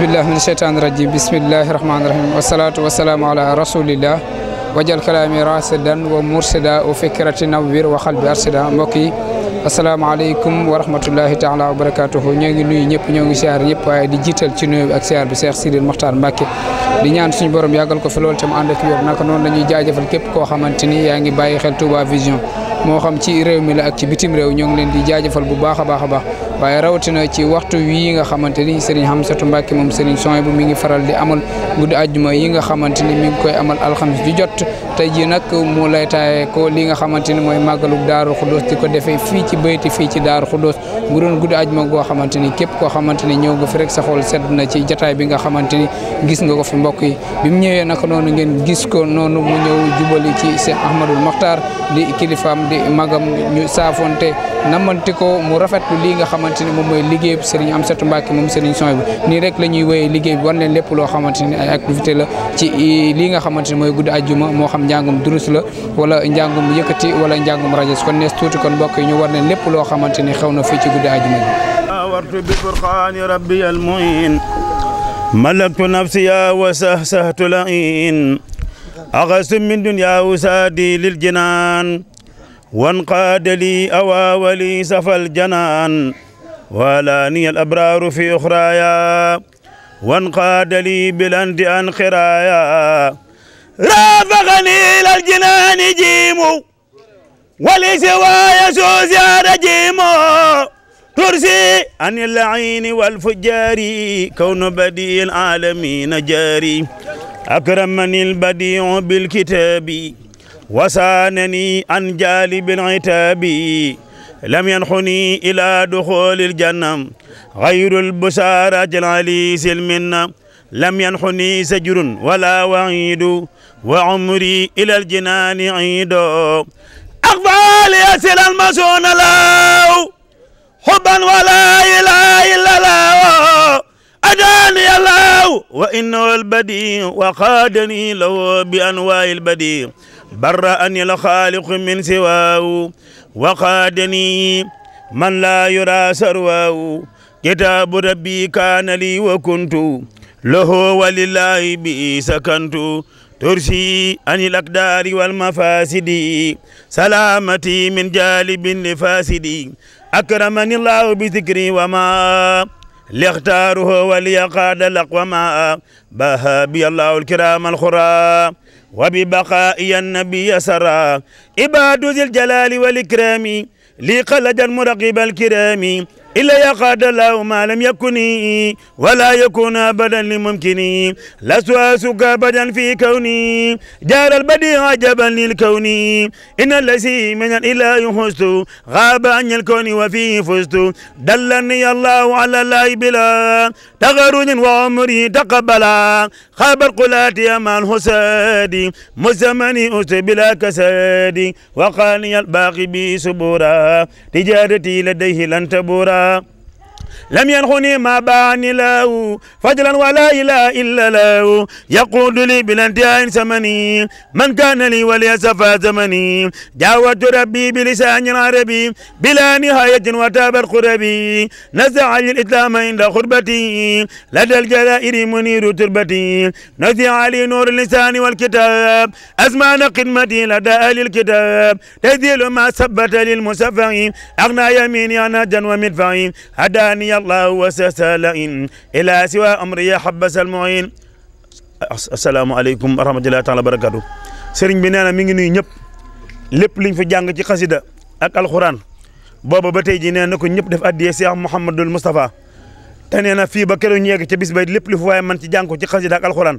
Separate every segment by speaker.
Speaker 1: بالله من الشيطان الرجيم بسم الله الرحمن الرحيم والصلاة والسلام على رسول الله wajal kalaami rasidan wa mursida wa fikrati nawwir wa xalbi arsida mbokk yi asalaamaaleykum wa rahmatullahi taala wa barakatuhu ñoo ngi nuyu ñëpp ñoo ngi siyaar ñëpp waaye di jiital ci nuyu ak siyaar bi Cheikh Sidil Mokhtar Mbacke di ñaan suñu borom yàggal ko fi loolu tam ànd ak wér naka noonu la ñuy jaajëfal képp koo xamante ni yaa ngi bàyyi xel Touba Vision moo xam ci réew mi la ak ci bitim réew ñoo ngi leen di jaajëfal bu baax a baax a baax waaye rawatina ci waxtu wii nga xamante ni Serigne Hamsatu Mbacke moom Serigne Soy bu mi ngi faral di amal guddi àjjuma yi nga xamante ni mi ngi koy amal alxames ju jot tey jii nag mu lay taayee ko li nga xamante ni mooy màggalug Daaru Xuddoos di ko defee fii ci bayti fii ci Daaru Xuddoos mu doon guddi àjjuma goo xamante ni képp koo xamante ni ñëw nga fi rek sa xol sedd na ci jataay bi nga xamante ni gis nga ko fi mbokk yi bi mu ñëwee naka noonu ngeen gis ko noonu mu ñëw jubali ci Cheikh Ahmadul Mokhtar di kilifaam di magam ñu saafonte namante ko mu rafetlu xamante ni moom mooy liggéey bu Serigne Amsatou Mbacké moom Serigne Sow bi nii rek la ñuy wéyee liggéey bi wan leen lépp loo xamante ni ay activité la ci lii nga xamante ni mooy guddi ajjuma moo xam njàngum durus la wala njàngum yëkkati wala njàngum rajo kon nees tuuti kon mbokk yi ñu war leen lépp loo xamante ni xew na fii ci guddi ajjuma bi
Speaker 2: wartu bi furqaani rabbi al muin malaktu nafsiya wa sahsahtu lain أغسم من دنيا وسادي للجنان وانقاد لي أواولي سفى ولاني الأبرار في أخرايا وانقاد لي بلند عن رافقني إلى الجنان جيمو ولسواي سوزيا رجيمو ترسي عن اللعين والفجار كون بديع العالمين جاري أكرمني البديع بالكتاب وسانني عن جالب العتاب لم ينحني إلى دخول الجنة غير البشارة العليس المنة لم ينحني سجر ولا وعيد وعمري إلى الجنان عيد أقبل يا المسون له حبا ولا إله إلا الله أداني الله وإنه البديع وقادني له بأنواع البديع برأني الخالق من سواه وقادني من لا يرى سرواه كتاب ربي كان لي وكنت له ولله به سكنت ترسي عن الأقدار والمفاسد سلامتي من جالب لفاسد أكرمني الله بذكري وما ليختاره وليقاد ما بها بي الله الكرام الخرام وببقائي النبي سرى عباد ذي الجلال والإكرام لي قلد المرقب الكرام إلا يا قاد الله ما لم يكن ولا يكون أبدا لممكن لا سواسك أبدا في كوني جار البديع عجبا للكون إن الذي من الإله حست غاب عن الكون وفيه فزت دلني الله على الله بلا تغرج وعمري تقبلا خابر يا مال حسادي مزمني أس بلا كسادي وقالي الباقي بي سبورا تجارتي لديه لن تبورا Krishna. لم ينغني ما بان له فجلا ولا إله إلا له يقول لي بالانتهاء زمني من كان لي وليسفى زمني دعوت ربي بلسان عربي بلا نهاية وتاب خربي نزع الإسلام عند خربتي لدى الجزائر منير تربتي نزع لي نور اللسان والكتاب أزمان قدمتي لدى أهل الكتاب تذيل ما ثبت للمسفعين أغنى يميني أنا جن ومدفعين هداني جعلني الله وسيسى لئن إلى سوى أمري حبس المعين السلام عليكم ورحمة الله تعالى وبركاته سرين بنانا ميغي نوي ñep lepp liñ fa jang ci xasida ak alquran boba ba tay ji neena ko ñep def adiyé cheikh mohammadul mustafa té neena fi ba kéro ñëg ci bis bay lepp li fu way man ci jang ko ci xasida ak alquran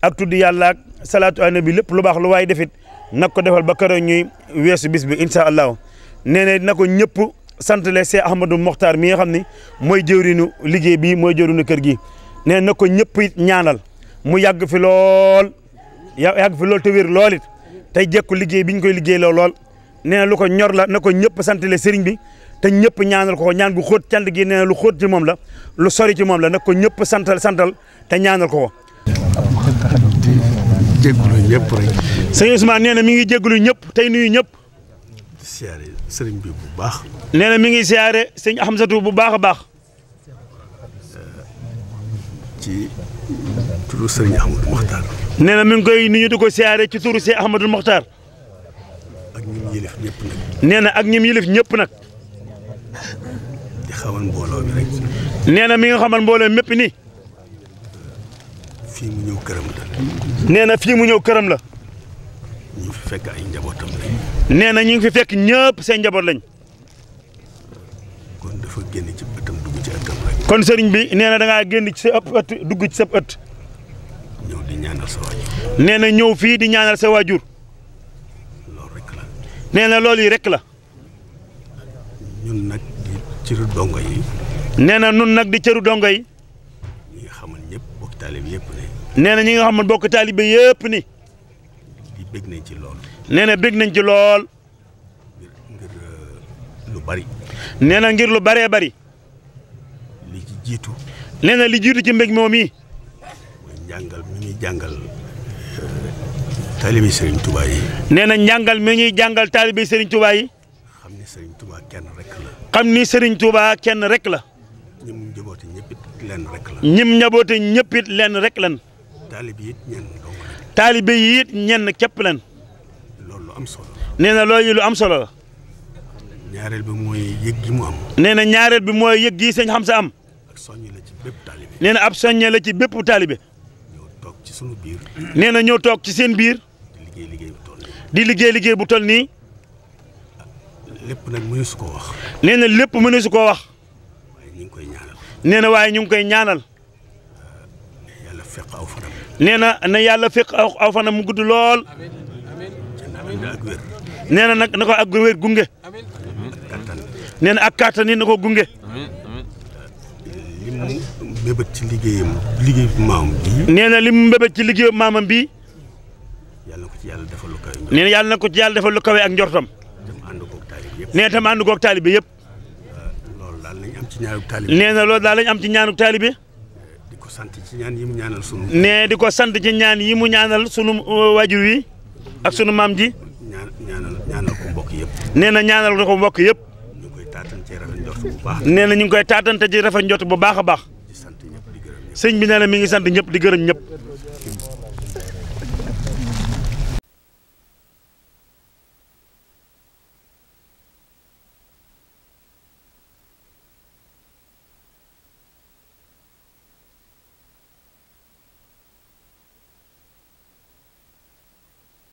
Speaker 2: ak tuddi yalla ak salatu anabi lepp lu bax lu way defit nako defal ba kéro ñuy wessu bis bi inshallah neena nako ñep sant le Cheikh Ahmadou Mokhtar mi nga xam ni mooy jëwriñu liggéey bi mooy jëwriñu kër gi nee na ko ñëpp it ñaanal mu yàgg fi lool yàgg fi lool te wér lool it tey jekku liggéey bi ñu koy liggéey lool lool nee lu ko ñor la na ko ñëpp sant le bi te ñëpp ñaanal ko ko ñaan gu xóot cant gi nee lu xóot ci moom la lu sori ci moom la na ko ñëpp santal santal te ñaanal ko ko.
Speaker 3: jégalu ñëpp rek. siyaare sëriñ bi bu baax.
Speaker 2: nee na mi ngi siyaare sëñ Hamsatu bu baax a baax.
Speaker 3: ci turu sëriñ Ahmadou
Speaker 2: Mokhtar. nee na mi ngi koy nuyu di ko siyaare ci turu sëriñ Ahmadou Mokhtar.
Speaker 3: ak ñim yilif ñëpp nag.
Speaker 2: nee na ak ñim yilif ñëpp nag. di xamal na mi nga xamal mbooloo mépp nii. fii mu fii mu ñëw këram la.
Speaker 3: ñu fi fekk ay njabootam lañ
Speaker 2: nee na ñu ngi fi fekk ñëpp seen njaboot lañ kon dafa génn ci ëttam dugg ci ëttam rek kon sëriñ bi nee na da ngaa génn ci sa ëpp ëtt dugg ci sa ëtt ñëw di ñaanal sa wajur nee na ñëw fii di ñaanal sa wajur loolu rek la nee na loolu yi rek la ñun nag di cëru dongo yi nee na nun nag di cëru dongo yi
Speaker 3: ñi xamal ñëpp bokk talib
Speaker 2: yëpp ne nee na ñi nga xamal bokk talib yëpp ni
Speaker 3: bég nañ ci lool.
Speaker 2: nee na bég nañ ci lool. ngir lu bari. nee na ngir lu baree bari. li ci jiitu. nee li jiitu ci mbég moom yi.
Speaker 3: mooy njàngal mi ñuy jàngal euh, taalibe Serigne Touba yi.
Speaker 2: nee na njàngal mi ñuy jàngal taalibe Serigne Touba yi. xam ni Serigne Touba kenn rek la. xam ni Serigne Touba kenn rek la. ñim njaboote ñëpp it lenn rek la. ñim taalibe yi it ñenn képp leen. loolu lu am solo nee na loolu lu am solo la.
Speaker 3: ñaareel bi mooy yëg gi mu am.
Speaker 2: nee na ñaareel bi mooy yëg gi sëñ xam sa am. ak soññe la ci bépp taalibe. nee na ab soññe la ci bépp taalibe. ñëw toog ci sunu biir. nee na ñëw toog ci seen biir. di liggéey liggéey bu toll nii. di liggéey liggéey bu toll nii. lépp nag mënu su koo wax. nee na lépp mënu su koo wax. waaye ñu ngi koy ñaanal. nee na waaye ñu ngi koy ñaanal. yàlla fekk aw fanam. nee na na yàlla fekk aw fana mu gudd lool nee na nag na ko ak wér gunge nee na ak kàttan yi na ko gunge.
Speaker 3: li mu mbébét ci liggéeyam
Speaker 2: liggéey maamam bii. nee na li mu mbébét ci liggéeyu maamam bii.
Speaker 3: yàlla ko ci yàlla defal lu
Speaker 2: na yàlla na ko ci yàlla defal lu kawe ak njortam. nee na tam ànd koog taalibe yëpp.
Speaker 3: nee na loolu daal lañ am ci ñaanu
Speaker 2: taalibe. nee loolu daal lañ am ci ñaanu taalibe.
Speaker 3: sant ci ñaan yi mu ñaanal sunu.
Speaker 2: nee di ko sant ci ñaan yi mu ñaanal sunu uh, waajur wi ak sunu maam ji. ñaanal ñaanal ko mbokk yëpp. nee na ñaanal ko mbokk yëpp.
Speaker 3: ñu ngi koy taatante ci rafet
Speaker 2: nee na ñu ngi koy taatante ji rafet njort bu baax a baax. sëñ bi nee mi ngi sant ñëpp di gërëm ñëpp.